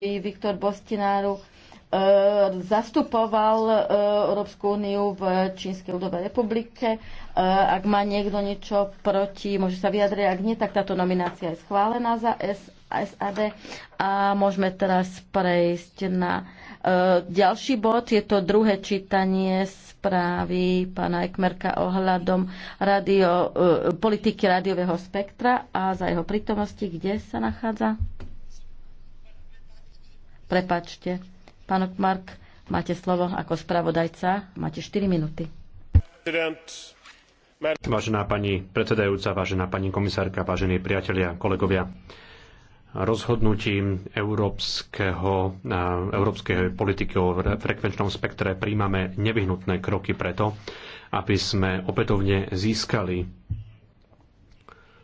Viktor Bostináru e, zastupoval e, Európsku úniu v Čínskej ľudovej republike. E, ak má niekto niečo proti, môže sa vyjadriť. Ak nie, tak táto nominácia je schválená za SAD. A môžeme teraz prejsť na ďalší bod. Je to druhé čítanie správy pána Ekmerka ohľadom radio, politiky rádiového spektra a za jeho prítomnosti, kde sa nachádza. Prepačte. Pán Mark, máte slovo ako spravodajca. Máte 4 minúty. Vážená pani predsedajúca, vážená pani komisárka, vážení priatelia, kolegovia rozhodnutím európskeho, európskej politiky o frekvenčnom spektre príjmame nevyhnutné kroky preto, aby sme opätovne získali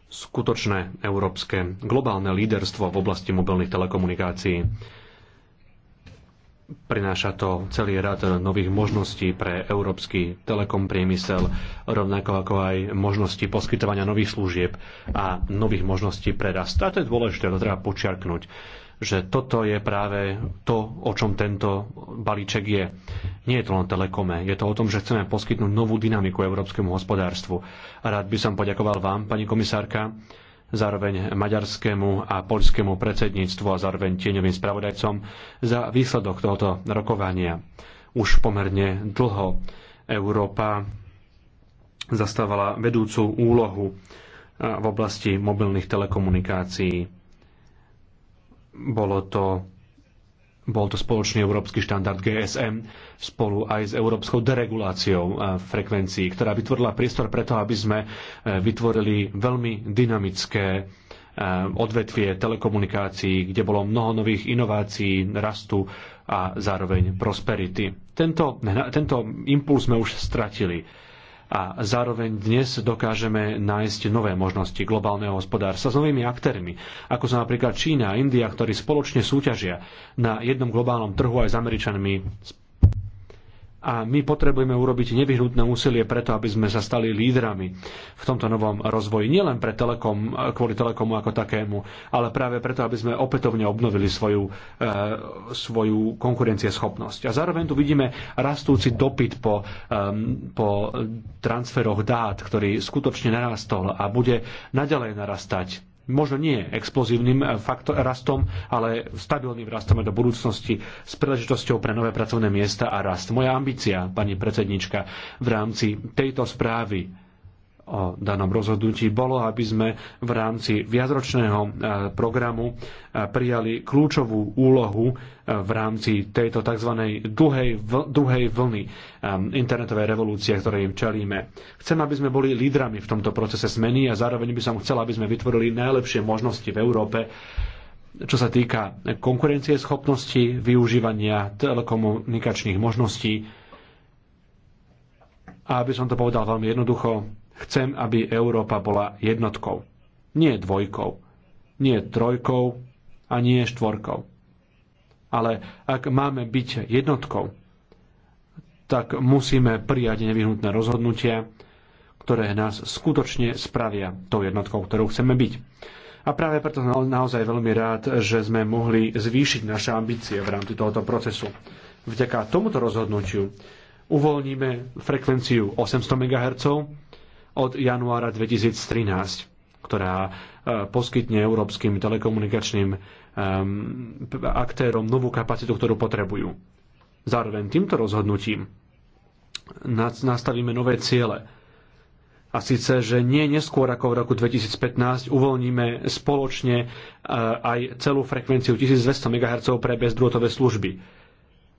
skutočné európske globálne líderstvo v oblasti mobilných telekomunikácií. Prináša to celý rad nových možností pre európsky telekom priemysel, rovnako ako aj možnosti poskytovania nových služieb a nových možností pre rast. A to je dôležité, to treba počiarknúť že toto je práve to, o čom tento balíček je. Nie je to len telekome, je to o tom, že chceme poskytnúť novú dynamiku európskemu hospodárstvu. A rád by som poďakoval vám, pani komisárka, zároveň maďarskému a poľskému predsedníctvu a zároveň tieňovým spravodajcom za výsledok tohoto rokovania. Už pomerne dlho Európa zastávala vedúcu úlohu eh, v oblasti mobilných telekomunikácií. Bolo to bol to spoločný európsky štandard GSM spolu aj s európskou dereguláciou eh, frekvencií, ktorá vytvorila priestor preto, aby sme eh, vytvorili veľmi dynamické eh, odvetvie telekomunikácií, kde bolo mnoho nových inovácií, rastu a zároveň prosperity. Tento, tento impuls sme už stratili a zároveň dnes dokážeme nájsť nové možnosti globálneho hospodárstva s novými aktérmi, ako sú napríklad Čína a India, ktorí spoločne súťažia na jednom globálnom trhu aj s Američanmi a my potrebujeme urobiť nevyhnutné úsilie preto, aby sme sa stali lídrami v tomto novom rozvoji. Nielen pre telekom, kvôli telekomu ako takému, ale práve preto, aby sme opätovne obnovili svoju, e, svoju konkurencieschopnosť. A zároveň tu vidíme rastúci dopyt po, e, po transferoch dát, ktorý skutočne narastol a bude naďalej narastať možno nie explozívnym eh, faktor, rastom, ale stabilným rastom do budúcnosti s príležitosťou pre nové pracovné miesta a rast. Moja ambícia, pani predsednička, v rámci tejto správy o danom rozhodnutí bolo, aby sme v rámci viacročného e, programu e, prijali kľúčovú úlohu e, v rámci tejto tzv. Druhej, druhej vlny internetovej revolúcie, ktorej čelíme. Chcem, aby sme boli lídrami v tomto procese zmeny a zároveň by som chcel, aby sme vytvorili najlepšie možnosti v Európe, čo sa týka konkurencie schopnosti, využívania telekomunikačných možností. A aby som to povedal veľmi jednoducho, Chcem, aby Európa bola jednotkou. Nie dvojkou, nie trojkou a nie štvorkou. Ale ak máme byť jednotkou, tak musíme prijať nevyhnutné rozhodnutia, ktoré nás skutočne spravia tou jednotkou, ktorou chceme byť. A práve preto som naozaj veľmi rád, že sme mohli zvýšiť naše ambície v rámci tohoto procesu. Vďaka tomuto rozhodnutiu uvoľníme frekvenciu 800 MHz, od januára 2013, ktorá e, poskytne európskym telekomunikačným e, aktérom novú kapacitu, ktorú potrebujú. Zároveň týmto rozhodnutím nastavíme nové ciele. A síce, že nie neskôr ako v roku 2015 uvoľníme spoločne e, aj celú frekvenciu 1200 MHz pre bezdrôtové služby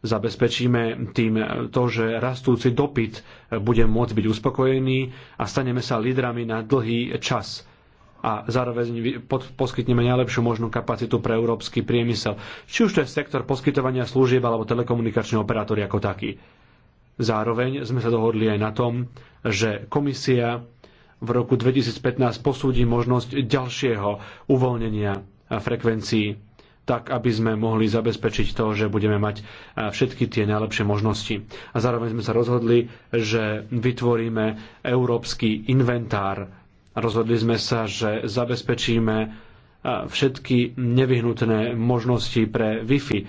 Zabezpečíme tým to, že rastúci dopyt bude môcť byť uspokojený a staneme sa lídrami na dlhý čas a zároveň poskytneme najlepšiu možnú kapacitu pre európsky priemysel, či už to je sektor poskytovania služieb alebo telekomunikačný operátor ako taký. Zároveň sme sa dohodli aj na tom, že komisia v roku 2015 posúdi možnosť ďalšieho uvoľnenia frekvencií tak aby sme mohli zabezpečiť to, že budeme mať e, všetky tie najlepšie možnosti. A zároveň sme sa rozhodli, že vytvoríme európsky inventár. Rozhodli sme sa, že zabezpečíme e, všetky nevyhnutné možnosti pre Wi-Fi e,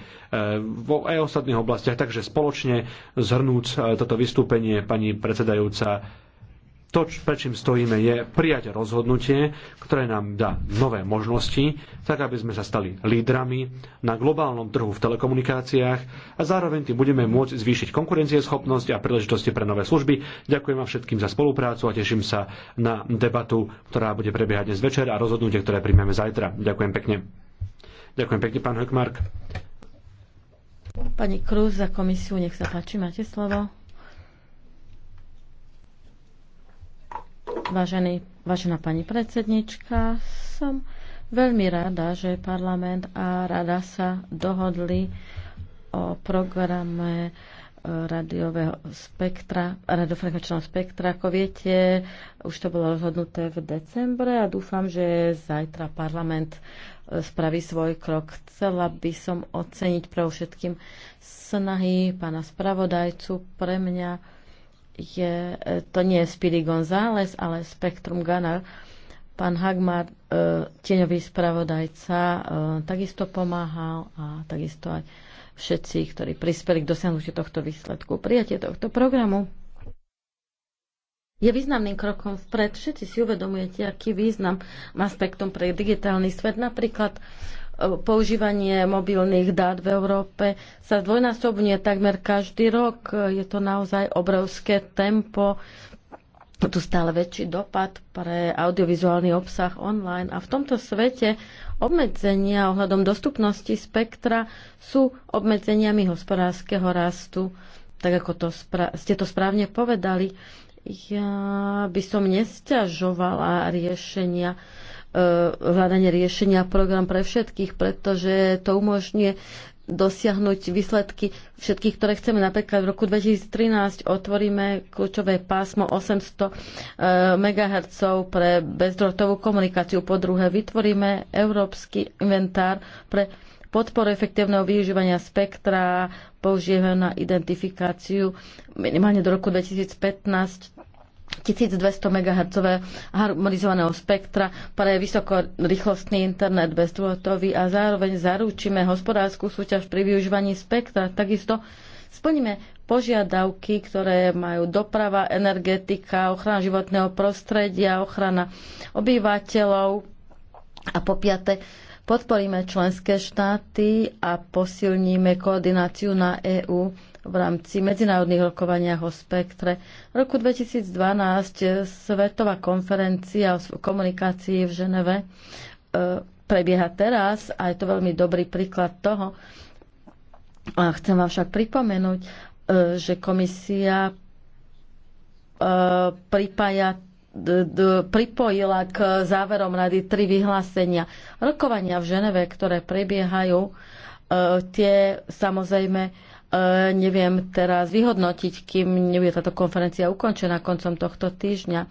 vo aj ostatných oblastiach. Takže spoločne zhrnúc toto vystúpenie, pani predsedajúca, to, prečím stojíme, je prijať rozhodnutie, ktoré nám dá nové možnosti, tak aby sme sa stali lídrami na globálnom trhu v telekomunikáciách a zároveň tým budeme môcť zvýšiť konkurencieschopnosť a príležitosti pre nové služby. Ďakujem vám všetkým za spoluprácu a teším sa na debatu, ktorá bude prebiehať dnes večer a rozhodnutie, ktoré príjmeme zajtra. Ďakujem pekne. Ďakujem pekne, pán Hökmark. Pani Kruz za komisiu, nech sa páči, máte slovo. Vážený, vážená pani predsednička, som veľmi rada, že parlament a rada sa dohodli o programe e, radiového spektra, radiofrekvenčného spektra. Ako viete, už to bolo rozhodnuté v decembre a dúfam, že zajtra parlament e, spraví svoj krok. Chcela by som oceniť pre všetkým snahy pána spravodajcu pre mňa je, e, to nie je Spiri González, ale Spectrum Gunner. Pán Hagmar, e, tieňový spravodajca, e, takisto pomáhal a takisto aj všetci, ktorí prispeli k dosiahnutiu tohto výsledku. Prijatie tohto programu je významným krokom vpred. Všetci si uvedomujete, aký význam má spektrum pre digitálny svet. Napríklad používanie mobilných dát v Európe sa dvojnásobne takmer každý rok. Je to naozaj obrovské tempo, tu stále väčší dopad pre audiovizuálny obsah online a v tomto svete obmedzenia ohľadom dostupnosti spektra sú obmedzeniami hospodárskeho rastu, tak ako to ste to správne povedali. Ja by som nesťažovala riešenia E, hľadanie riešenia program pre všetkých, pretože to umožňuje dosiahnuť výsledky všetkých, ktoré chceme. Napríklad v roku 2013 otvoríme kľúčové pásmo 800 e, MHz pre bezdrotovú komunikáciu. Po druhé, vytvoríme európsky inventár pre podporu efektívneho využívania spektra, použijeme na identifikáciu minimálne do roku 2015 1200 MHz harmonizovaného spektra pre vysokorýchlostný internet bezdôvodový a zároveň zaručíme hospodárskú súťaž pri využívaní spektra. Takisto splníme požiadavky, ktoré majú doprava, energetika, ochrana životného prostredia, ochrana obyvateľov a po piate podporíme členské štáty a posilníme koordináciu na EÚ v rámci medzinárodných rokovaniach o spektre. V roku 2012 Svetová konferencia o komunikácii v Ženeve e, prebieha teraz a je to veľmi dobrý príklad toho. A chcem vám však pripomenúť, e, že komisia e, pripája pripojila k záverom rady tri vyhlásenia. Rokovania v Ženeve, ktoré prebiehajú, tie samozrejme E, neviem teraz vyhodnotiť, kým nebude táto konferencia ukončená koncom tohto týždňa. E,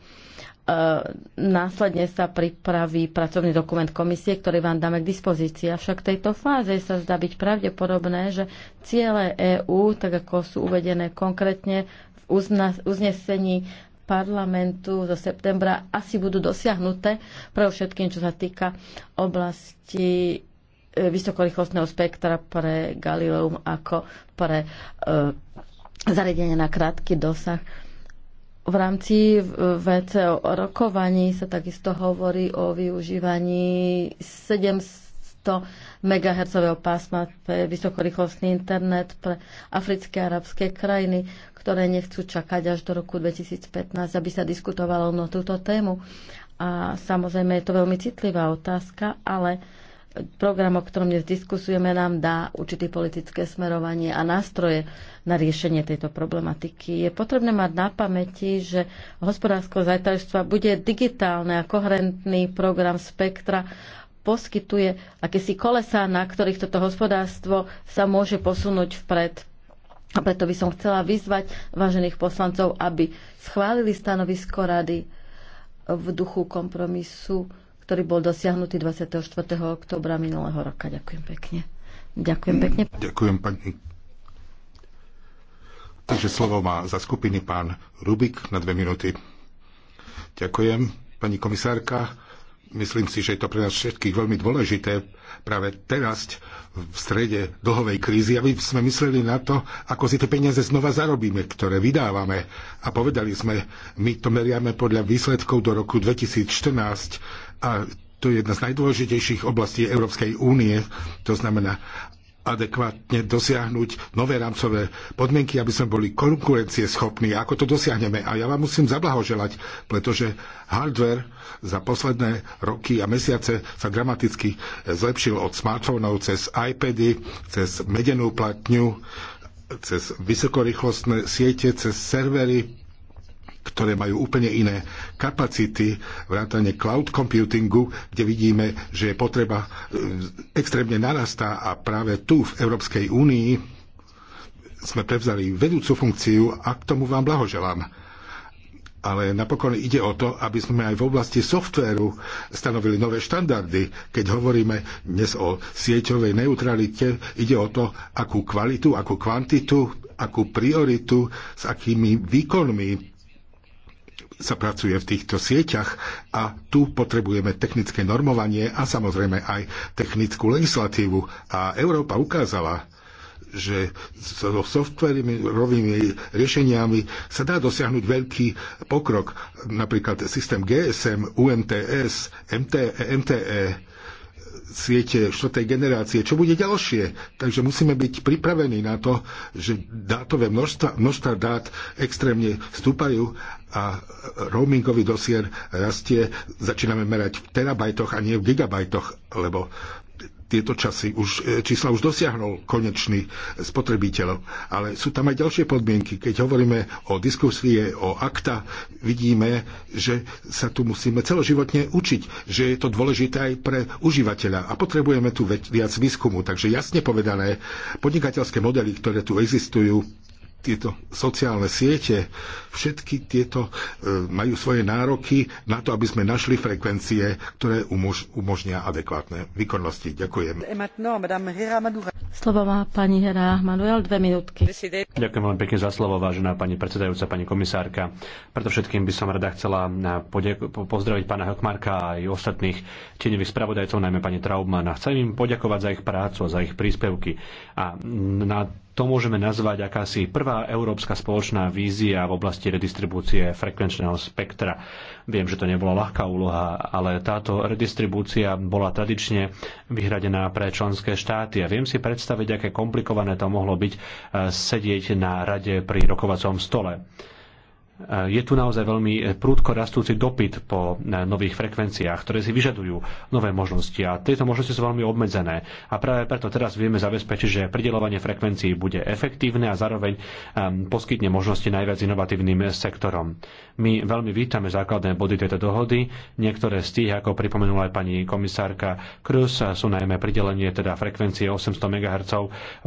následne sa pripraví pracovný dokument komisie, ktorý vám dáme k dispozícii. Avšak v tejto fáze sa zdá byť pravdepodobné, že ciele EÚ, tak ako sú uvedené konkrétne v uznesení parlamentu zo septembra, asi budú dosiahnuté pre všetkým, čo sa týka oblasti E, vysokorýchlostného spektra pre Galileum ako pre e, zariadenie na krátky dosah. V rámci VCO rokovaní sa takisto hovorí o využívaní 700 MHz pásma pre vysokorýchlostný internet pre africké a arabské krajiny, ktoré nechcú čakať až do roku 2015, aby sa diskutovalo na túto tému. A samozrejme je to veľmi citlivá otázka, ale uh, program, o ktorom dnes diskusujeme, nám dá určité politické smerovanie a nástroje na riešenie tejto problematiky. Je potrebné mať na pamäti, že hospodárskeho zajtrajstva bude digitálne a koherentný program spektra poskytuje akési kolesá, na ktorých toto hospodárstvo sa môže posunúť vpred. A preto by som chcela vyzvať vážených poslancov, aby schválili stanovisko rady v duchu kompromisu ktorý bol dosiahnutý 24. oktobra minulého roka. Ďakujem pekne. Ďakujem pekne. Ďakujem pani. Takže slovo má za skupiny pán Rubik na dve minúty. Ďakujem, pani komisárka. Myslím si, že je to pre nás všetkých veľmi dôležité práve teraz v strede dlhovej krízy, aby sme mysleli na to, ako si tie peniaze znova zarobíme, ktoré vydávame. A povedali sme, my to meriame podľa výsledkov do roku 2014 a to je jedna z najdôležitejších oblastí Európskej únie, to znamená adekvátne dosiahnuť nové rámcové podmienky, aby sme boli konkurencieschopní. Ako to dosiahneme? A ja vám musím zablahoželať, pretože hardware za posledné roky a mesiace sa dramaticky zlepšil od smartfónov cez iPady, cez medenú platňu, cez vysokorýchlostné siete, cez servery, ktoré majú úplne iné kapacity, vrátane cloud computingu, kde vidíme, že je potreba e, extrémne narastá a práve tu v Európskej únii sme prevzali vedúcu funkciu a k tomu vám blahoželám. Ale napokon ide o to, aby sme aj v oblasti softvéru stanovili nové štandardy. Keď hovoríme dnes o sieťovej neutralite, ide o to, akú kvalitu, akú kvantitu, akú prioritu, s akými výkonmi sa pracuje v týchto sieťach a tu potrebujeme technické normovanie a samozrejme aj technickú legislatívu. A Európa ukázala, že so softverovými riešeniami sa dá dosiahnuť veľký pokrok. Napríklad systém GSM, UMTS, MTE, MTE siete štvrtej generácie, čo bude ďalšie. Takže musíme byť pripravení na to, že dátové množstva, množstva dát extrémne vstúpajú a roamingový dosier rastie. Začíname merať v terabajtoch a nie v gigabajtoch, lebo tieto časy už, e, čísla už dosiahnul konečný spotrebiteľ. Ale sú tam aj ďalšie podmienky. Keď hovoríme o diskusie, o akta, vidíme, že sa tu musíme celoživotne učiť, že je to dôležité aj pre užívateľa a potrebujeme tu viac výskumu. Takže jasne povedané, podnikateľské modely, ktoré tu existujú, tieto sociálne siete, všetky tieto e, majú svoje nároky na to, aby sme našli frekvencie, ktoré umož- umožnia adekvátne výkonnosti. Ďakujem. Slovo má pani Hera Manuel, dve minútky. Ďakujem veľmi pekne za slovo, vážená pani predsedajúca, pani komisárka. Preto všetkým by som rada chcela e, pozdraviť pána Hokmarka a aj ostatných tieňových spravodajcov, najmä pani Traubmana. Chcem im poďakovať za ich prácu a za ich príspevky. A na to môžeme nazvať akási prvá európska spoločná vízia v oblasti redistribúcie frekvenčného spektra. Viem, že to nebola ľahká úloha, ale táto redistribúcia bola tradične vyhradená pre členské štáty a viem si predstaviť, aké komplikované to mohlo byť eh, sedieť na rade pri rokovacom stole je tu naozaj veľmi eh, prúdko rastúci dopyt po eh, nových frekvenciách, ktoré si vyžadujú nové možnosti a tieto možnosti sú veľmi obmedzené. A práve preto teraz vieme zabezpečiť, že pridelovanie frekvencií bude efektívne a zároveň ehm, poskytne možnosti najviac inovatívnym eh, sektorom. My veľmi vítame základné body tejto dohody. Niektoré z tých, ako pripomenula aj pani komisárka Cruz, sú najmä pridelenie teda frekvencie 800 MHz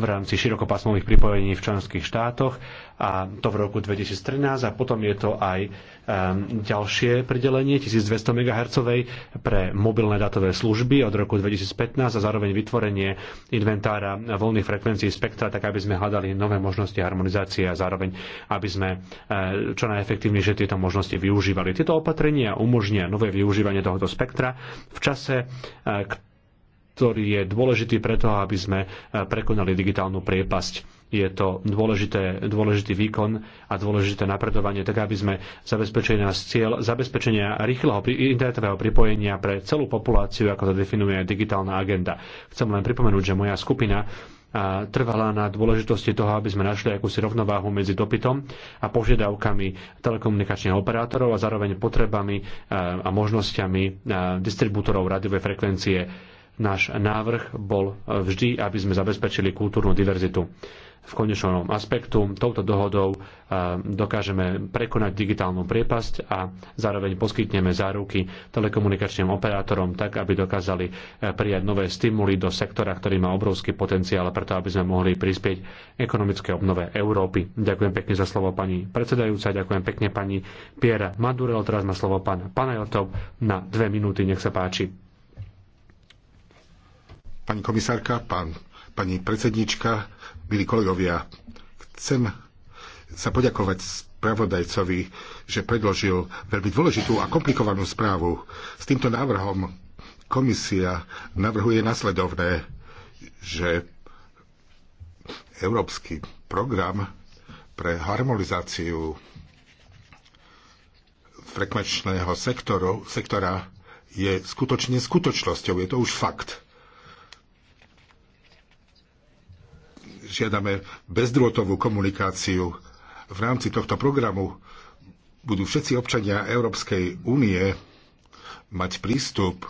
v rámci širokopásmových pripojení v členských štátoch a to v roku 2013 a potom potom je to aj ehm, ďalšie pridelenie 1200 MHz pre mobilné datové služby od roku 2015 a zároveň vytvorenie inventára voľných frekvencií spektra, tak aby sme hľadali nové možnosti harmonizácie a zároveň aby sme eh, čo najefektívnejšie tieto možnosti využívali. Tieto opatrenia umožnia nové využívanie tohoto spektra v čase, eh, ktorý je dôležitý preto, aby sme eh, prekonali digitálnu priepasť je to dôležité, dôležitý výkon a dôležité napredovanie, tak aby sme zabezpečili nás cieľ zabezpečenia rýchleho internetového pripojenia pre celú populáciu, ako to definuje digitálna agenda. Chcem len pripomenúť, že moja skupina a trvala na dôležitosti toho, aby sme našli akúsi rovnováhu medzi dopytom a požiadavkami telekomunikačných operátorov a zároveň potrebami a možnosťami distribútorov rádiovej frekvencie Náš návrh bol vždy, aby sme zabezpečili kultúrnu diverzitu. V konečnom aspektu touto dohodou e, dokážeme prekonať digitálnu priepasť a zároveň poskytneme záruky telekomunikačným operátorom tak, aby dokázali e, prijať nové stimuly do sektora, ktorý má obrovský potenciál preto, aby sme mohli prispieť ekonomické obnove Európy. Ďakujem pekne za slovo pani predsedajúca, ďakujem pekne pani Piera Madurel, teraz má slovo pán Panajotov na dve minúty, nech sa páči. Pani komisárka, pán, pani predsednička, milí kolegovia, chcem sa poďakovať spravodajcovi, že predložil veľmi dôležitú a komplikovanú správu. S týmto návrhom komisia navrhuje nasledovné, že Európsky program pre harmonizáciu frekvenčného sektora je skutočne skutočnosťou, je to už fakt. žiadame bezdrôtovú komunikáciu. V rámci tohto programu budú všetci občania Európskej únie mať prístup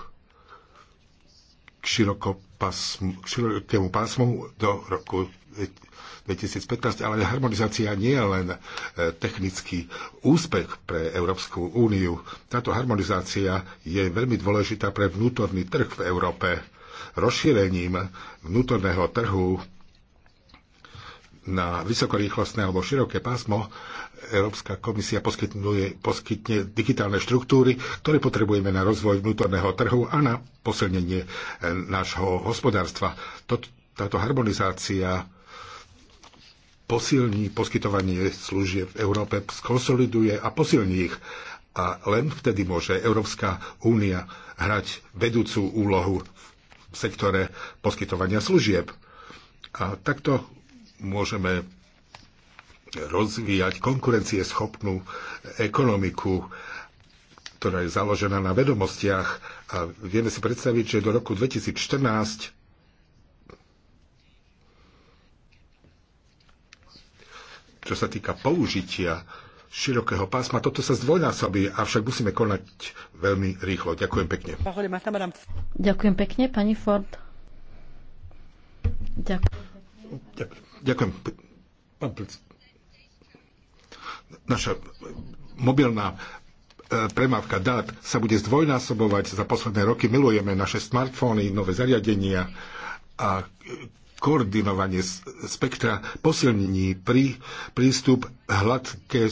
k, k širokému pásmu do roku 2015, ale harmonizácia nie je len e, technický úspech pre Európsku úniu. Táto harmonizácia je veľmi dôležitá pre vnútorný trh v Európe. Rozšírením vnútorného trhu na vysokorýchlostné alebo široké pásmo Európska komisia poskytne digitálne štruktúry, ktoré potrebujeme na rozvoj vnútorného trhu a na posilnenie eh, nášho hospodárstva. Toto, táto harmonizácia posilní poskytovanie služieb v Európe, skonsoliduje a posilní ich. A len vtedy môže Európska únia hrať vedúcu úlohu v sektore poskytovania služieb. A takto môžeme rozvíjať konkurencieschopnú ekonomiku, ktorá je založená na vedomostiach a vieme si predstaviť, že do roku 2014 čo sa týka použitia širokého pásma. Toto sa zdvojnásobí, avšak musíme konať veľmi rýchlo. Ďakujem pekne. Ďakujem pekne, pani Ford. Ďakujem. Ďakujem. Pán Naša mobilná e, premávka dát sa bude zdvojnásobovať za posledné roky. Milujeme naše smartfóny, nové zariadenia a koordinovanie spektra posilnení prí, prístup hladké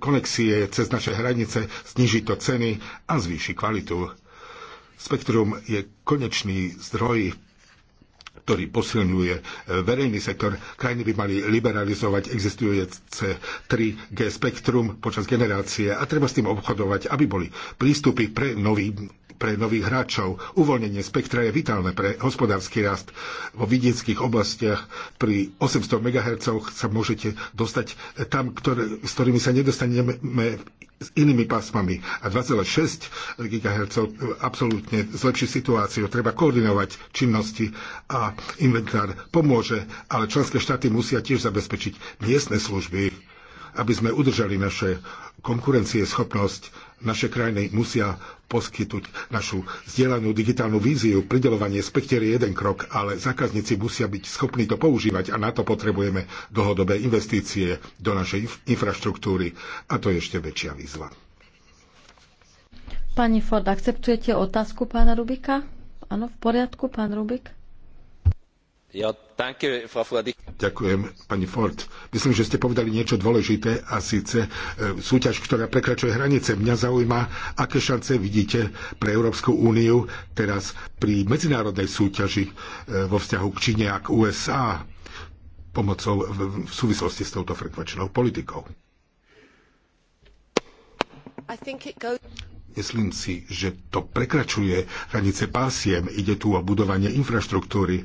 konexie cez naše hranice, zniží to ceny a zvýši kvalitu. Spektrum je konečný zdroj ktorý posilňuje e, verejný sektor. Krajiny by mali liberalizovať existujúce 3G spektrum počas generácie a treba s tým obchodovať, aby boli prístupy pre nový pre nových hráčov. Uvoľnenie spektra je vitálne pre hospodársky rast. Vo vidieckých oblastiach pri 800 MHz sa môžete dostať tam, ktoré, s ktorými sa nedostaneme s inými pásmami a 2,6 GHz absolútne zlepší situáciu. Treba koordinovať činnosti a inventár pomôže, ale členské štáty musia tiež zabezpečiť miestne služby aby sme udržali naše konkurencieschopnosť, naše krajiny musia poskytnúť našu zdieľanú digitálnu víziu. Pridelovanie spektier je jeden krok, ale zákazníci musia byť schopní to používať a na to potrebujeme dlhodobé investície do našej infraštruktúry. A to je ešte väčšia výzva. Pani Ford, akceptujete otázku pána Rubika? Áno, v poriadku, pán Rubik. Ďakujem, pani Ford. Myslím, že ste povedali niečo dôležité a síce e, súťaž, ktorá prekračuje hranice. Mňa zaujíma, aké šance vidíte pre Európsku úniu teraz pri medzinárodnej súťaži e, vo vzťahu k Číne a k USA pomocou v súvislosti s touto frekvenčnou politikou. Goes... Myslím si, že to prekračuje hranice pásiem. Ide tu o budovanie infraštruktúry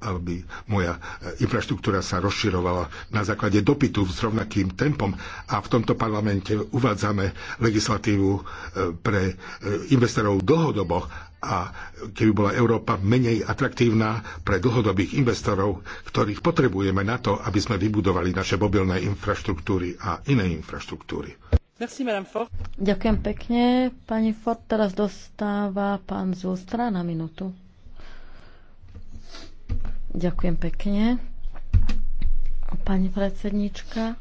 aby moja e, infraštruktúra sa rozširovala na základe dopytu s rovnakým tempom a v tomto parlamente uvádzame legislatívu e, pre e, investorov dlhodobo a keby bola Európa menej atraktívna pre dlhodobých investorov, ktorých potrebujeme na to, aby sme vybudovali naše mobilné infraštruktúry a iné infraštruktúry. Merci, Ďakujem pekne. Pani Ford teraz dostáva pán Zústra na minútu. Ďakujem pekne. Pani predsednička.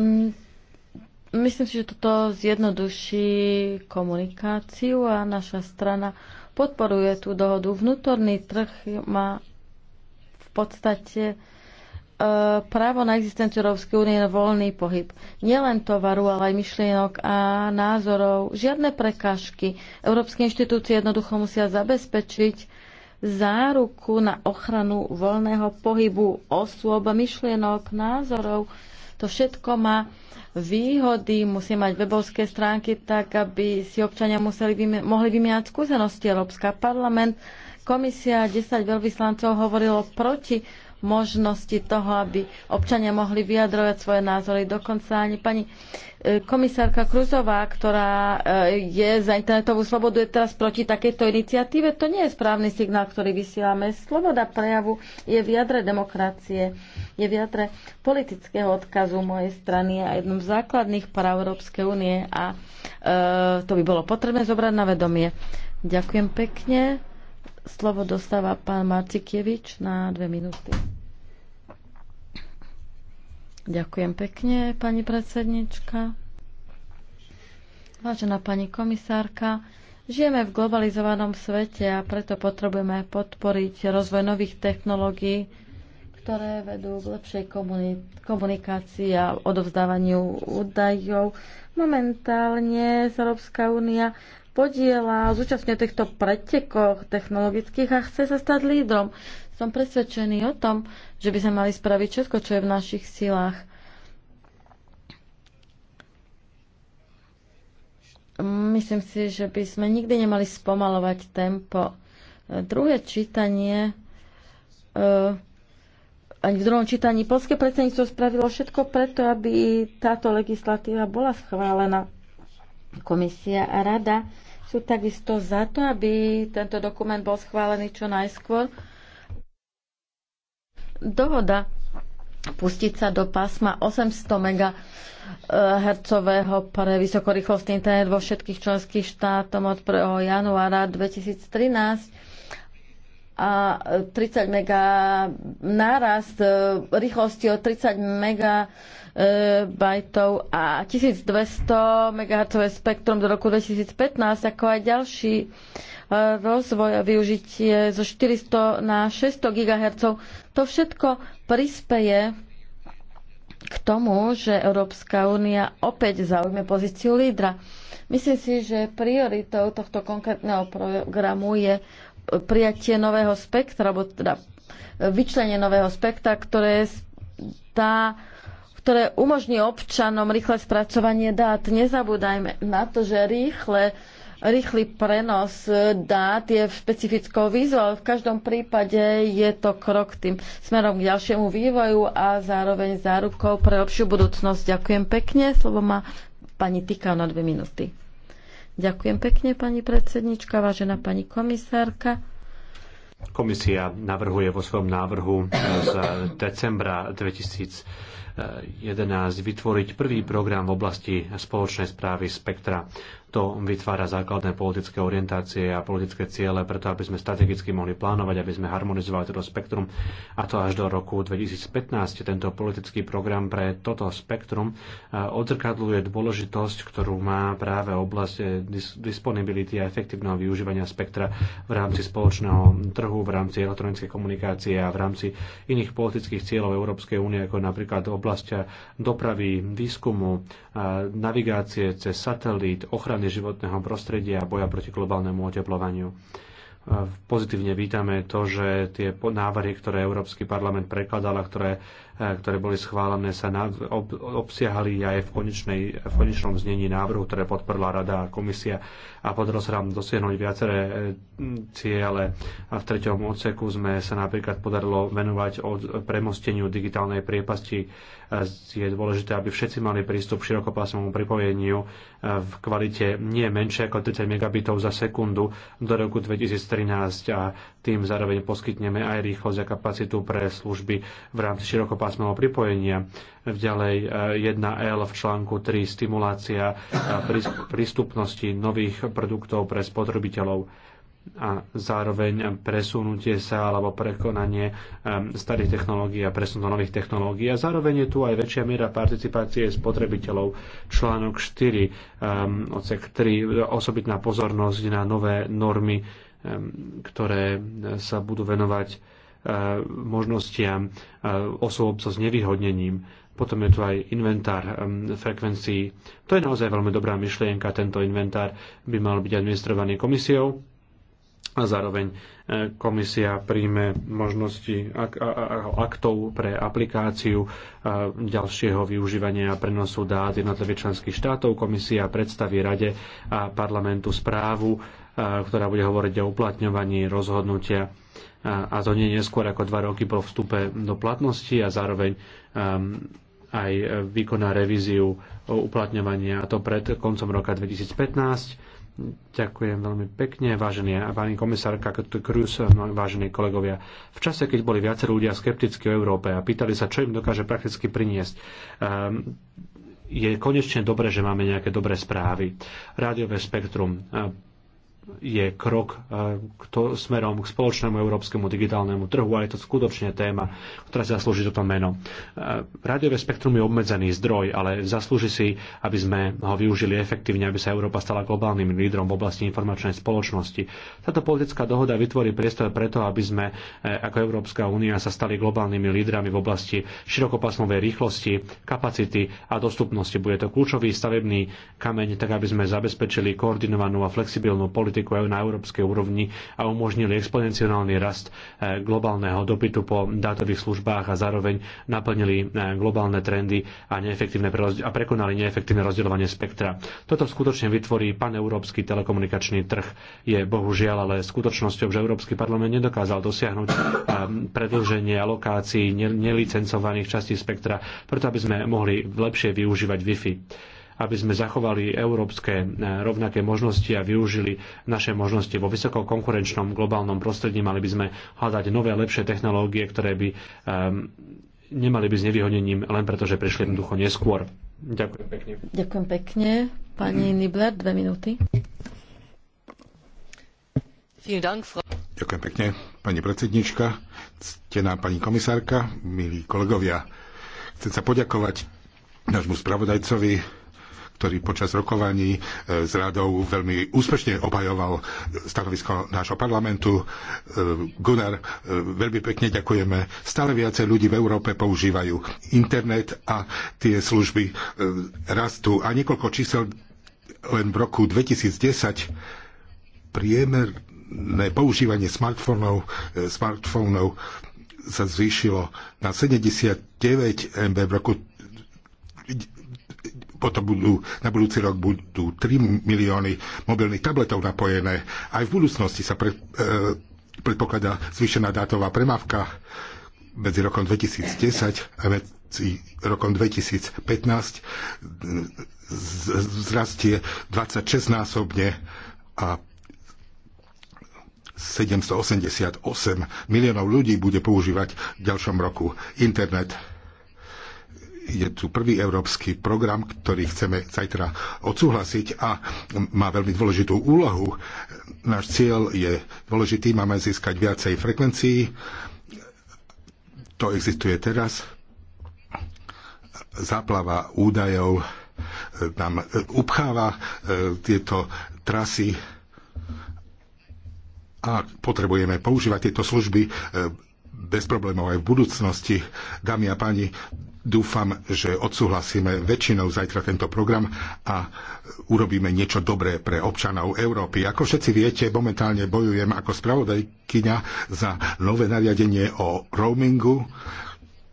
Mm, myslím si, že toto zjednoduší komunikáciu a naša strana podporuje tú dohodu. Vnútorný trh má v podstate e, právo na existenciu Európskej únie je voľný pohyb. Nielen tovaru, ale aj myšlienok a názorov. Žiadne prekážky. Európske inštitúcie jednoducho musia zabezpečiť, záruku na ochranu voľného pohybu osôb, myšlienok, názorov. To všetko má výhody, musí mať webovské stránky tak, aby si občania museli vymi- mohli vymieňať skúsenosti. Európska parlament, komisia, 10 veľvyslancov hovorilo proti možnosti toho, aby občania mohli vyjadrovať svoje názory. Dokonca ani pani e, komisárka Kruzová, ktorá e, je za internetovú slobodu, je teraz proti takejto iniciatíve. To nie je správny signál, ktorý vysielame. Sloboda prejavu je v jadre demokracie, je v jadre politického odkazu mojej strany a jednom z základných práv Európskej únie a e, to by bolo potrebné zobrať na vedomie. Ďakujem pekne. Slovo dostáva pán Marcikievič na dve minúty. Ďakujem pekne, pani predsednička. Vážená pani komisárka, žijeme v globalizovanom svete a preto potrebujeme podporiť rozvoj nových technológií, ktoré vedú k lepšej komunikácii a odovzdávaniu údajov. Momentálne Európska únia podiela, zúčastňuje týchto pretekoch technologických a chce sa stať lídrom. Som presvedčený o tom, že by sme mali spraviť všetko, čo je v našich silách. Myslím si, že by sme nikdy nemali spomalovať tempo. Druhé čítanie uh, ani v druhom čítaní polské predsedníctvo spravilo všetko preto, aby táto legislatíva bola schválená. Komisia a rada sú takisto za to, aby tento dokument bol schválený čo najskôr. Dohoda pustiť sa do pásma 800 MHz pre vysokorýchlostný internet vo všetkých členských štátoch od 1. januára 2013 a 30 mega nárast e, rýchlosti o 30 megabajtov e, a 1200 MHz spektrum do roku 2015, ako aj ďalší e, rozvoj a využitie zo 400 na 600 GHz. To všetko prispeje k tomu, že Európska únia opäť zaujme pozíciu lídra. Myslím si, že prioritou tohto konkrétneho programu je prijatie nového spektra, alebo teda vyčlenie nového spektra, ktoré tá, ktoré umožní občanom rýchle spracovanie dát. Nezabúdajme na to, že rýchle, rýchly prenos dát je špecifickou výzvou, ale v každom prípade je to krok tým smerom k ďalšiemu vývoju a zároveň zárukou pre lepšiu budúcnosť. Ďakujem pekne. Slovo má pani Tikal na dve minúty. Ďakujem pekne, pani predsednička, vážená pani komisárka. Komisia navrhuje vo svojom návrhu e, z e, decembra 2011 e, vytvoriť prvý program v oblasti spoločnej správy spektra. To vytvára základné politické orientácie a politické ciele, preto aby sme strategicky mohli plánovať, aby sme harmonizovali toto spektrum. A to až do roku 2015 tento politický program pre toto spektrum eh, odzrkadluje dôležitosť, ktorú má práve oblasť eh, disponibility a efektívneho využívania spektra v rámci spoločného trhu, v rámci elektronickej komunikácie a v rámci iných politických cieľov Európskej únie, ako napríklad oblasti dopravy, výskumu, eh, navigácie cez satelít, ochrany ochrany životného prostredia a boja proti globálnemu oteplovaniu. E, pozitívne vítame to, že tie návrhy, ktoré Európsky parlament prekladal a ktoré ktoré boli schválené, sa obsiahali aj v, konečnej, v konečnom znení návrhu, ktoré podporila Rada a komisia a podarilo sa nám dosiahnuť viaceré e, ciele. A v treťom odseku sme sa napríklad podarilo venovať od premosteniu digitálnej priepasti. E, je dôležité, aby všetci mali prístup k širokopásmovému pripojeniu e, v kvalite nie menšie ako 30 megabitov za sekundu do roku 2013 a tým zároveň poskytneme aj rýchlosť a kapacitu pre služby v rámci širokopásmového širokopásmového pripojenia. ďalej 1L eh, v článku 3 stimulácia eh, prístupnosti nových produktov pre spotrebiteľov a zároveň presunutie sa alebo prekonanie eh, starých technológií a presun do nových technológií. A zároveň je tu aj väčšia miera participácie spotrebiteľov. Článok 4, um, odsek 3, osobitná pozornosť na nové normy, um, ktoré sa budú venovať Eh, možnostiam eh, osôb so znevýhodnením. Potom je tu aj inventár eh, frekvencií. To je naozaj veľmi dobrá myšlienka. Tento inventár by mal byť administrovaný komisiou a zároveň komisia príjme možnosti ak, aktov pre aplikáciu ďalšieho využívania a prenosu dát jednotlivých členských štátov. Komisia predstaví Rade a parlamentu správu, ktorá bude hovoriť o uplatňovaní rozhodnutia a to nie neskôr ako dva roky po vstupe do platnosti a zároveň um, aj vykoná revíziu uplatňovania a to pred koncom roka 2015. Ďakujem veľmi pekne, Vážený a pani komisárka Cruz, vážení kolegovia. V čase, keď boli viacerí ľudia skeptickí o Európe a pýtali sa, čo im dokáže prakticky priniesť, um, je konečne dobré, že máme nejaké dobré správy. Rádiové spektrum je krok e, k to, smerom k spoločnému európskemu digitálnemu trhu a je to skutočne téma, ktorá si zaslúži toto meno. E, Rádiové spektrum je obmedzený zdroj, ale zaslúži si, aby sme ho využili efektívne, aby sa Európa stala globálnym lídrom v oblasti informačnej spoločnosti. Táto politická dohoda vytvorí priestor preto, aby sme e, ako Európska únia sa stali globálnymi lídrami v oblasti širokopasmovej rýchlosti, kapacity a dostupnosti. Bude to kľúčový stavebný kameň, tak aby sme zabezpečili koordinovanú a flexibilnú politiku politiku aj na európskej úrovni a umožnili exponenciálny rast e, globálneho dopytu po dátových službách a zároveň naplnili e, globálne trendy a, neefektívne a prekonali neefektívne rozdeľovanie spektra. Toto skutočne vytvorí paneurópsky telekomunikačný trh. Je bohužiaľ ale skutočnosťou, že Európsky parlament nedokázal dosiahnuť e, predlženie alokácií nelicencovaných častí spektra, preto aby sme mohli lepšie využívať Wi-Fi aby sme zachovali európske e, rovnaké možnosti a využili naše možnosti vo vysoko konkurenčnom globálnom prostredí. Mali by sme hľadať nové, lepšie technológie, ktoré by ehm, nemali by s nevyhodením len preto, že prišli jednoducho neskôr. Ďakujem pekne. Ďakujem pekne. Pani mhm. Nibler, dve minúty. Ďakujem pekne, pani predsednička, ctená pani komisárka, milí kolegovia. Chcem sa poďakovať nášmu spravodajcovi ktorý počas rokovaní e, s radou veľmi úspešne obhajoval stanovisko nášho parlamentu. E, Gunnar, e, veľmi pekne ďakujeme. Stále viacej ľudí v Európe používajú internet a tie služby rastú. A niekoľko čísel len v roku 2010 priemerné používanie smartfónov, smartfónov sa zvýšilo na 79 MB v roku potom budú, na budúci rok budú 3 milióny mobilných tabletov napojené. Aj v budúcnosti sa pre, e, predpokladá zvýšená dátová premávka medzi rokom 2010 a medzi rokom 2015 zrastie 26-násobne a 788 miliónov ľudí bude používať v ďalšom roku internet je tu prvý európsky program, ktorý chceme zajtra odsúhlasiť a má veľmi dôležitú úlohu. Náš cieľ je dôležitý, máme získať viacej frekvencií. To existuje teraz. Záplava údajov nám e, e, upcháva e, tieto trasy a potrebujeme používať tieto služby bez problémov aj v budúcnosti. Dámy a páni, Dúfam, že odsúhlasíme väčšinou zajtra tento program a urobíme niečo dobré pre občanov Európy. Ako všetci viete, momentálne bojujem ako spravodajkyňa za nové nariadenie o roamingu,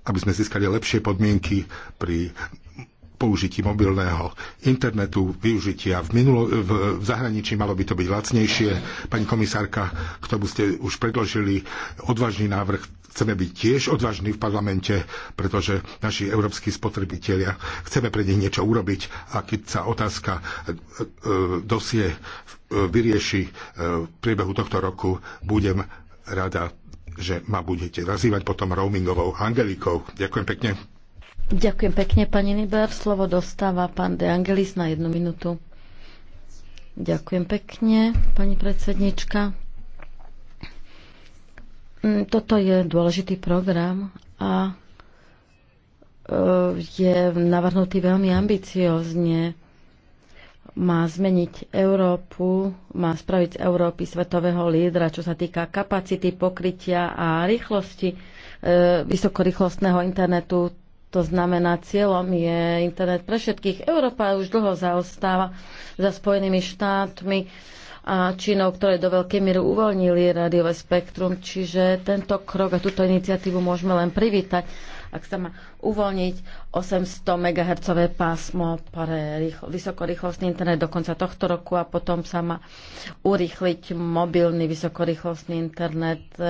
aby sme získali lepšie podmienky pri použití mobilného internetu, využitia v, minulo, v, v zahraničí, malo by to byť lacnejšie. Pani komisárka, k tomu ste už predložili odvážny návrh Chceme byť tiež odvážni v parlamente, pretože naši európsky spotrebitelia chceme pre nich niečo urobiť a keď sa otázka e, e, dosie e, vyrieši v priebehu tohto roku, budem rada, že ma budete nazývať potom roamingovou Angelikou. Ďakujem pekne. Ďakujem pekne, pani Niber. Slovo dostáva pán De Angelis na jednu minútu. Ďakujem pekne, pani predsednička. Mm, toto je dôležitý program a e, je navrhnutý veľmi ambiciozne. Má zmeniť Európu, má spraviť z Európy svetového lídra, čo sa týka kapacity, pokrytia a rýchlosti e, vysokorýchlostného internetu. To znamená, cieľom je internet pre všetkých. Európa už dlho zaostáva za Spojenými štátmi a činov, ktoré do veľkej miery uvoľnili rádiové spektrum. Čiže tento krok a túto iniciatívu môžeme len privítať, ak sa má uvoľniť 800 MHz pásmo pre rýchlo, vysokorýchlostný internet do konca tohto roku a potom sa má urýchliť mobilný vysokorýchlostný internet e, e,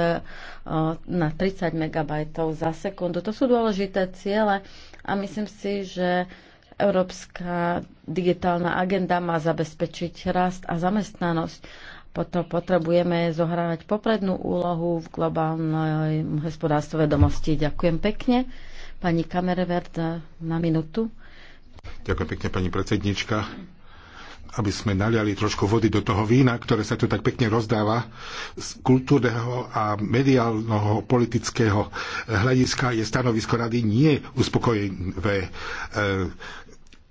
na 30 MB za sekundu. To sú dôležité ciele a myslím si, že Európska digitálna agenda má zabezpečiť rast a zamestnanosť. Potom potrebujeme zohrávať poprednú úlohu v globálnej hospodárstve vedomosti. Ďakujem pekne. Pani Kamerevert na minútu. Ďakujem pekne, pani predsednička aby sme naliali trošku vody do toho vína, ktoré sa tu tak pekne rozdáva, z kultúrneho a mediálneho politického hľadiska je stanovisko rady nie uspokojivé. E,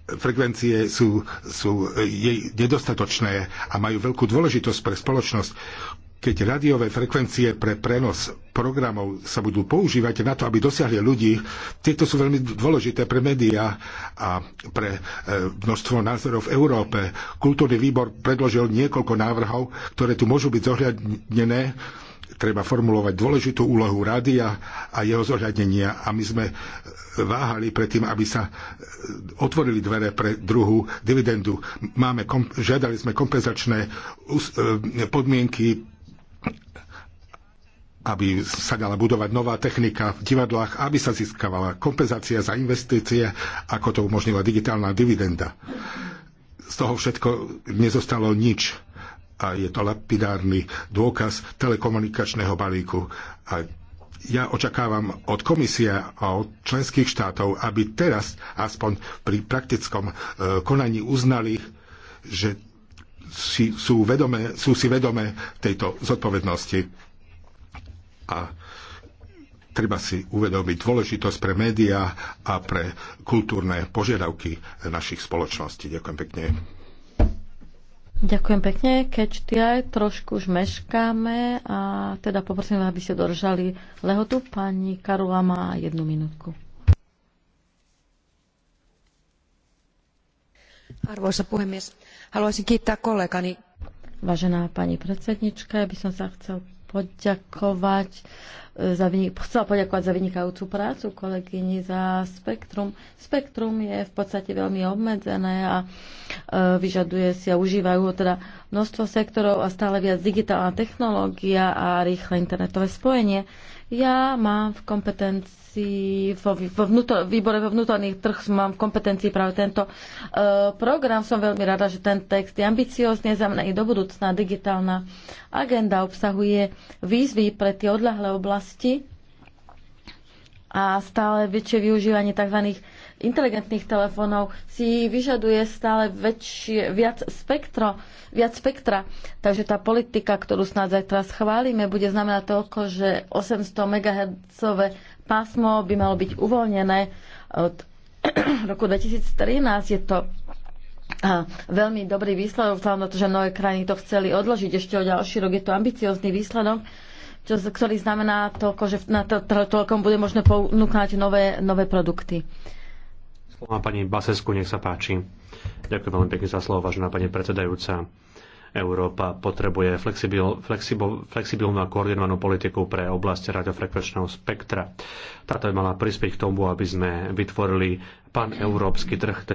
frekvencie sú, sú jej nedostatočné a majú veľkú dôležitosť pre spoločnosť. Keď rádiové frekvencie pre prenos programov sa budú používať na to, aby dosiahli ľudí, tieto sú veľmi dôležité pre médiá a pre e, množstvo názorov v Európe. Kultúrny výbor predložil niekoľko návrhov, ktoré tu môžu byť zohľadnené treba formulovať dôležitú úlohu rady a, a jeho zohľadnenia. A my sme váhali predtým, aby sa e, otvorili dvere pre druhú dividendu. Máme, žiadali sme kompenzačné e, podmienky aby sa dala budovať nová technika v divadlách, aby sa získavala kompenzácia za investície, ako to umožnila digitálna dividenda. Z toho všetko nezostalo nič a je to lapidárny dôkaz telekomunikačného balíku. A ja očakávam od komisie a od členských štátov, aby teraz aspoň pri praktickom e, konaní uznali, že si, sú, vedome, sú si vedomé tejto zodpovednosti. A treba si uvedomiť dôležitosť pre médiá a pre kultúrne požiadavky našich spoločností. Ďakujem pekne. Ďakujem pekne. Keď aj trošku už meškáme a teda poprosím, aby ste držali lehotu. Pani Karula má jednu minútku. Arvoisa puhemies, haluaisin kiittää kollegani. Vážená pani predsednička, ja by som sa chcel poďakovať e, za chcela poďakovať za vynikajúcu prácu kolegyni za Spektrum. Spektrum je v podstate veľmi obmedzené a e, vyžaduje si a užívajú ho teda množstvo sektorov a stále viac digitálna technológia a rýchle internetové spojenie. E, ja mám v kompetencii, vo, vo vnútor, výbore vo vnútorných trh mám v kompetencii práve tento uh, program. Som veľmi rada, že ten text je ambiciózne za mňa i do budúcná digitálna agenda obsahuje výzvy pre tie odľahlé oblasti a stále väčšie využívanie tzv inteligentných telefónov si vyžaduje stále väčšie, viac, spektro, viac spektra. Takže tá politika, ktorú snáď zajtra schválime, bude znamenať toľko, že 800 MHz pásmo by malo byť uvoľnené od roku 2013. Je to a veľmi dobrý výsledok, vzhľadom na to, že mnohé krajiny to chceli odložiť ešte o ďalší rok. Je to ambiciózny výsledok, čo, ktorý znamená toľko, že na to, to, toľkom bude možné ponúknať nové, nové produkty. Slovo pani Basesku, nech sa páči. Ďakujem veľmi pekne za slovo, vážená pani predsedajúca. Európa potrebuje flexibil, flexibil, flexibilnú a koordinovanú politiku pre oblasti radiofrekvenčného spektra. Táto by mala prispieť k tomu, aby sme vytvorili paneurópsky trh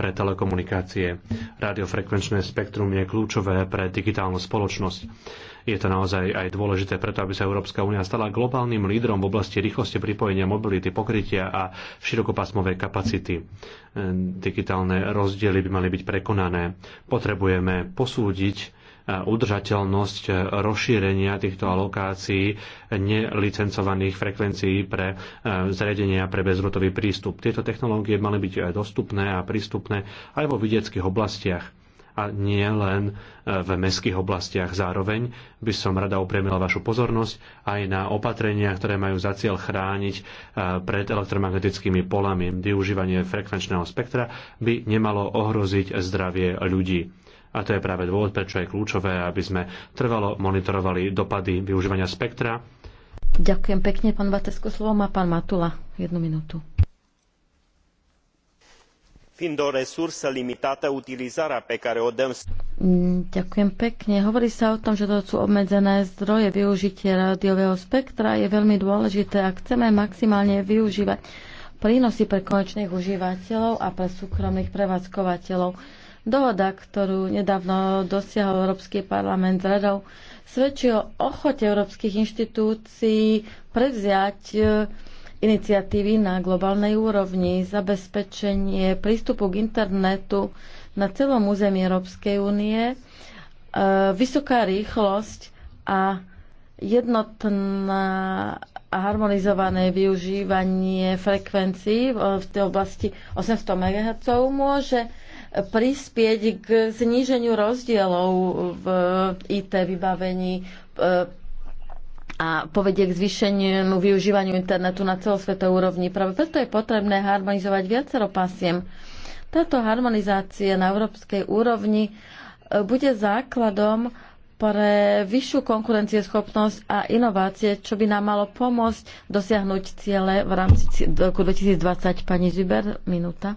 pre telekomunikácie. Radiofrekvenčné spektrum je kľúčové pre digitálnu spoločnosť. Je to naozaj aj dôležité preto, aby sa Európska únia stala globálnym lídrom v oblasti rýchlosti pripojenia, mobility, pokrytia a širokopásmovej kapacity. E, digitálne rozdiely by mali byť prekonané. Potrebujeme posúdiť udržateľnosť e, rozšírenia týchto alokácií nelicencovaných frekvencií pre e, zariadenia pre bezrutový prístup. Tieto technológie mali byť dostupné a prístupné aj vo vidieckých oblastiach a nie len e, v mestských oblastiach. Zároveň by som rada upriemila vašu pozornosť aj na opatrenia, ktoré majú za cieľ chrániť pred elektromagnetickými polami. Využívanie frekvenčného spektra by nemalo ohroziť zdravie ľudí. A to je práve dôvod, prečo je kľúčové, aby sme trvalo monitorovali dopady využívania spektra. Ďakujem pekne, pán Batesko. Slovo má pán Matula. Jednu minútu. Fiind o resursă limitată, utilizarea pe care o dăm... Mm, ďakujem pekne. Hovorí sa o tom, že to sú obmedzené zdroje. Využitie rádiového spektra je veľmi dôležité ak chceme maximálne využívať prínosy pre konečných užívateľov a pre súkromných prevádzkovateľov Dohoda, ktorú nedávno dosiahol Európsky parlament s radou, svedčí o ochote európskych inštitúcií prevziať e, iniciatívy na globálnej úrovni, zabezpečenie prístupu k internetu na celom území Európskej únie, e, vysoká rýchlosť a jednotná a harmonizované využívanie frekvencií v tej oblasti 800 MHz môže prispieť k zníženiu rozdielov v IT vybavení eh, a povedie k zvýšeniu využívaniu internetu na celosvetovej úrovni. Práve preto je potrebné harmonizovať viacero pasiem. Táto harmonizácia na európskej úrovni eh, bude základom pre vyššiu konkurencieschopnosť a inovácie, čo by nám malo pomôcť dosiahnuť ciele v rámci roku 2020. Pani Zuber, minúta.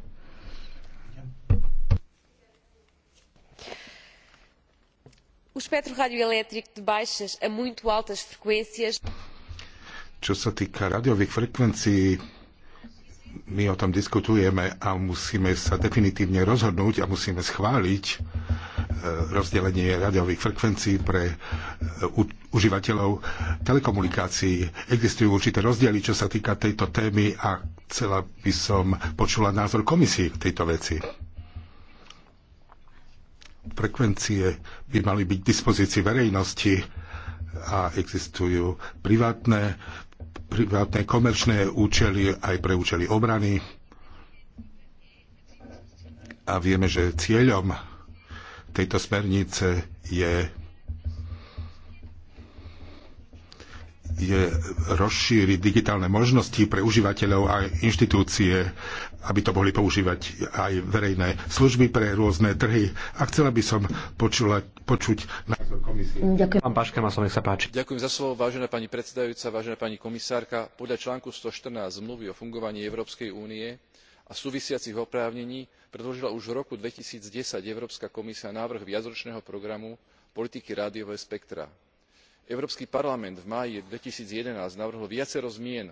O espectro radioelétrico de baixas a muito altas frequências. Čo sa týka rádiových frekvencií, my o tom diskutujeme a musíme sa definitívne rozhodnúť a musíme schváliť e, rozdelenie rádiových frekvencií pre e, užívateľov telekomunikácií. Existujú určité rozdiely, čo sa týka tejto témy a chcela by som počula názor komisie k tejto veci frekvencie by mali byť k dispozícii verejnosti a existujú privátne, privátne komerčné účely aj pre účely obrany. A vieme, že cieľom tejto smernice je je rozšíriť digitálne možnosti pre užívateľov a inštitúcie aby to mohli používať aj verejné služby pre rôzne trhy. A chcela by som počula, počuť názor komisie. Ďakujem. Pán Paška, som, sa páči. Ďakujem za slovo, vážená pani predsedajúca, vážená pani komisárka. Podľa článku 114 zmluvy o fungovaní Európskej únie a súvisiacich oprávnení predložila už v roku 2010 európska komisia návrh viacročného programu politiky rádiového spektra. európsky parlament v máji 2011 navrhol viacero zmien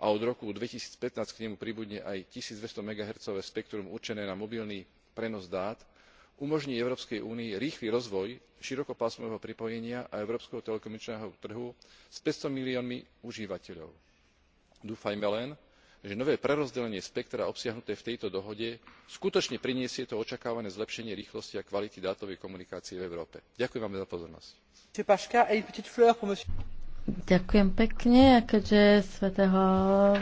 a od roku two thousand and fifteen k nemu pribudne aj one two hundred mhz spektrum určené na mobilný prenos dát umožní európskej únii rýchly rozvoj širokopásmového pripojenia a európskeho telekomunikačného trhu s five hundred miliónmi užívateľov. dúfajme len že nové prerozdelenie spektra obsiahnuté v tejto dohode skutočne prinesie to očakávané zlepšenie rýchlosti a kvality dátovej komunikácie v európe. ďakujem vám za pozornosť. Ďakujem pekne. A keďže svätého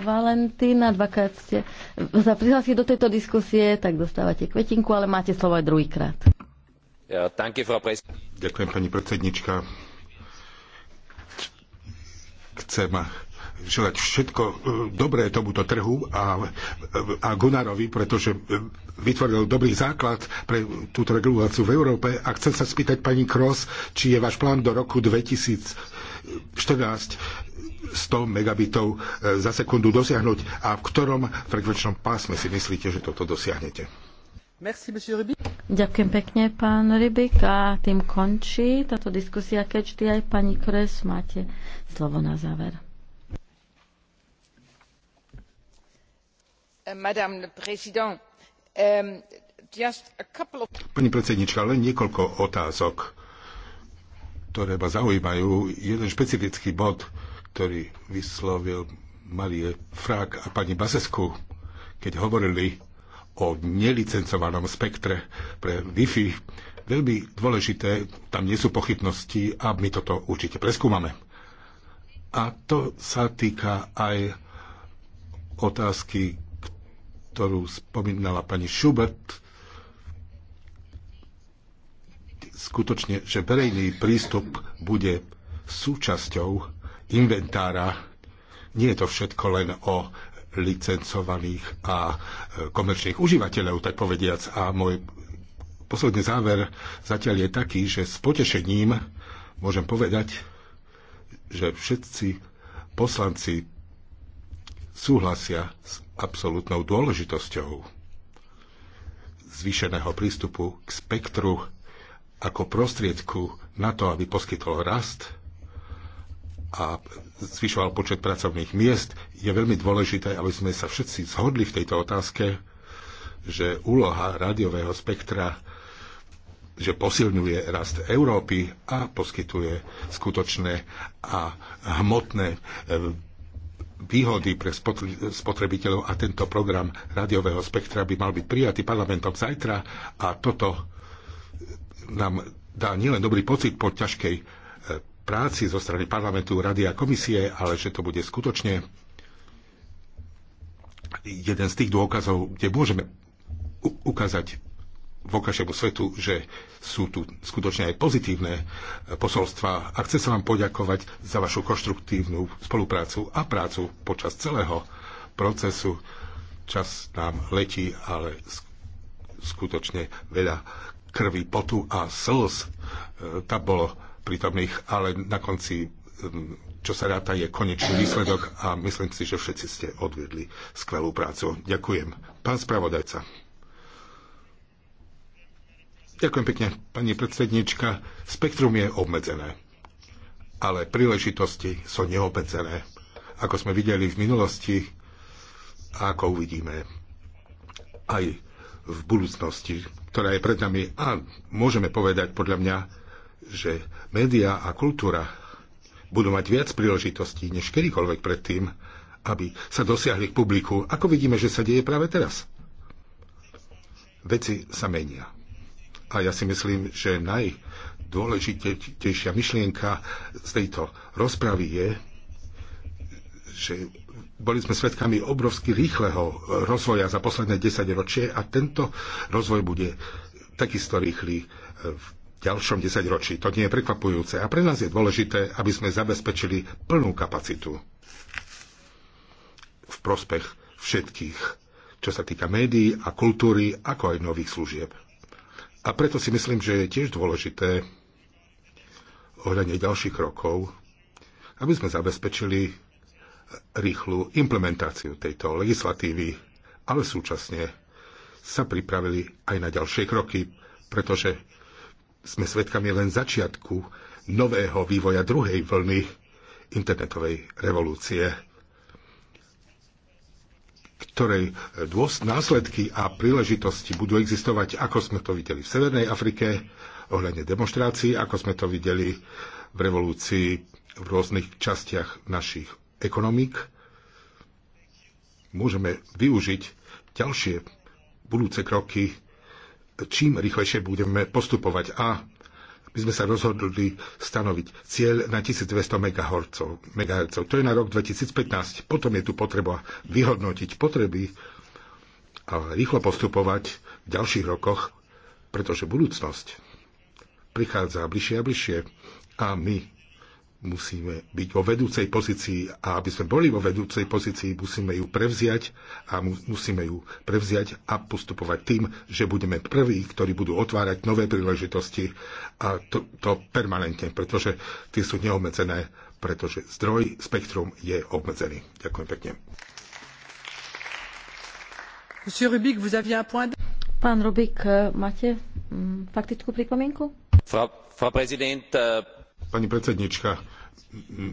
Valentína dvakrát ste sa prihlásili do tejto diskusie, tak dostávate kvetinku, ale máte slovo aj druhýkrát. Ďakujem, pani predsednička. Chcem želať všetko e, dobré tomuto trhu a, e, a Gunarovi, pretože e, vytvoril dobrý základ pre túto reguláciu v Európe. A chcem sa spýtať pani Kross, či je váš plán do roku 2014 100 megabitov za sekundu dosiahnuť a v ktorom frekvenčnom pásme si myslíte, že toto dosiahnete? Merci, Ďakujem pekne, pán Rybik. A tým končí táto diskusia. Keď ty aj pani Kres, máte slovo na záver. Eh, eh, pani predsednička, len niekoľko otázok, ktoré ma zaujímajú. Jeden špecifický bod, ktorý vyslovil Marie Frak a pani Basesku, keď hovorili o nelicencovanom spektre pre Wi-Fi. Veľmi dôležité, tam nie sú pochybnosti a my toto určite preskúmame. A to sa týka aj otázky ktorú spomínala pani Schubert, skutočne, že verejný prístup bude súčasťou inventára. Nie je to všetko len o licencovaných a e, komerčných užívateľov, tak povediac. A môj posledný záver zatiaľ je taký, že s potešením môžem povedať, že všetci poslanci súhlasia s absolútnou dôležitosťou zvýšeného prístupu k spektru ako prostriedku na to, aby poskytol rast a zvyšoval počet pracovných miest, je veľmi dôležité, aby sme sa všetci zhodli v tejto otázke, že úloha rádiového spektra že posilňuje rast Európy a poskytuje skutočné a hmotné eh, výhody pre spotrebiteľov a tento program rádiového spektra by mal byť prijatý parlamentom zajtra a toto nám dá nielen dobrý pocit po ťažkej e, práci zo strany parlamentu, rady a komisie, ale že to bude skutočne jeden z tých dôkazov, kde môžeme ukázať vokašiemu svetu, že sú tu skutočne aj pozitívne e, posolstva. A chcem sa vám poďakovať za vašu konštruktívnu spoluprácu a prácu počas celého procesu. Čas nám letí, ale skutočne veľa krvi, potu a slz e, tam bolo prítomných, ale na konci čo sa ráta je konečný výsledok a myslím si, že všetci ste odvedli skvelú prácu. Ďakujem. Pán spravodajca. Ďakujem pekne, pani predsednička. Spektrum je obmedzené, ale príležitosti sú neobmedzené. Ako sme videli v minulosti a ako uvidíme aj v budúcnosti, ktorá je pred nami. A môžeme povedať podľa mňa, že média a kultúra budú mať viac príležitostí než kedykoľvek predtým, aby sa dosiahli k publiku, ako vidíme, že sa deje práve teraz. Veci sa menia a ja si myslím, že najdôležitejšia myšlienka z tejto rozpravy je, že boli sme svedkami obrovsky rýchleho rozvoja za posledné 10 ročie a tento rozvoj bude takisto rýchly v ďalšom 10 ročí. To nie je prekvapujúce a pre nás je dôležité, aby sme zabezpečili plnú kapacitu v prospech všetkých, čo sa týka médií a kultúry, ako aj nových služieb. A preto si myslím, že je tiež dôležité ohľadne ďalších krokov, aby sme zabezpečili rýchlu implementáciu tejto legislatívy, ale súčasne sa pripravili aj na ďalšie kroky, pretože sme svedkami len začiatku nového vývoja druhej vlny internetovej revolúcie ktorej e, následky a príležitosti budú existovať, ako sme to videli v Severnej Afrike, ohľadne demonstrácií, ako sme to videli v revolúcii v rôznych častiach našich ekonomík. Môžeme využiť ďalšie budúce kroky, čím rýchlejšie budeme postupovať. A my sme sa rozhodli stanoviť cieľ na 1200 MHz. To je na rok 2015. Potom je tu potreba vyhodnotiť potreby a rýchlo postupovať v ďalších rokoch, pretože budúcnosť prichádza bližšie a bližšie a my musíme byť vo vedúcej pozícii a aby sme boli vo vedúcej pozícii, musíme ju prevziať a musíme ju prevziať a postupovať tým, že budeme prví, ktorí budú otvárať nové príležitosti a to, to permanentne, pretože tie sú neobmedzené, pretože zdroj, spektrum je obmedzený. Ďakujem pekne. Pán Rubik, máte mm, faktickú pripomienku? Frau, Frau Präsident, äh, Pani predsednička,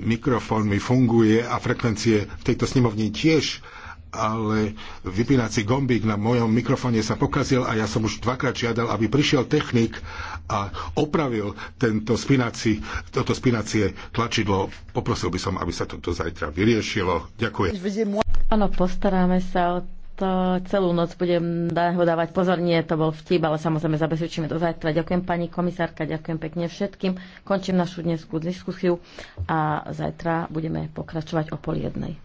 mikrofón mi funguje a frekvencie v tejto snemovni tiež, ale vypínací gombík na mojom mikrofóne sa pokazil a ja som už dvakrát žiadal, aby prišiel technik a opravil tento spínací, toto spinacie tlačidlo. Poprosil by som, aby sa toto zajtra vyriešilo. Ďakujem. Áno, postaráme sa o to celú noc budem ho dávať pozor. Nie, to bol vtip, ale samozrejme zabezpečíme to zajtra. Ďakujem pani komisárka, ďakujem pekne všetkým. Končím našu dneskú diskusiu a zajtra budeme pokračovať o pol jednej.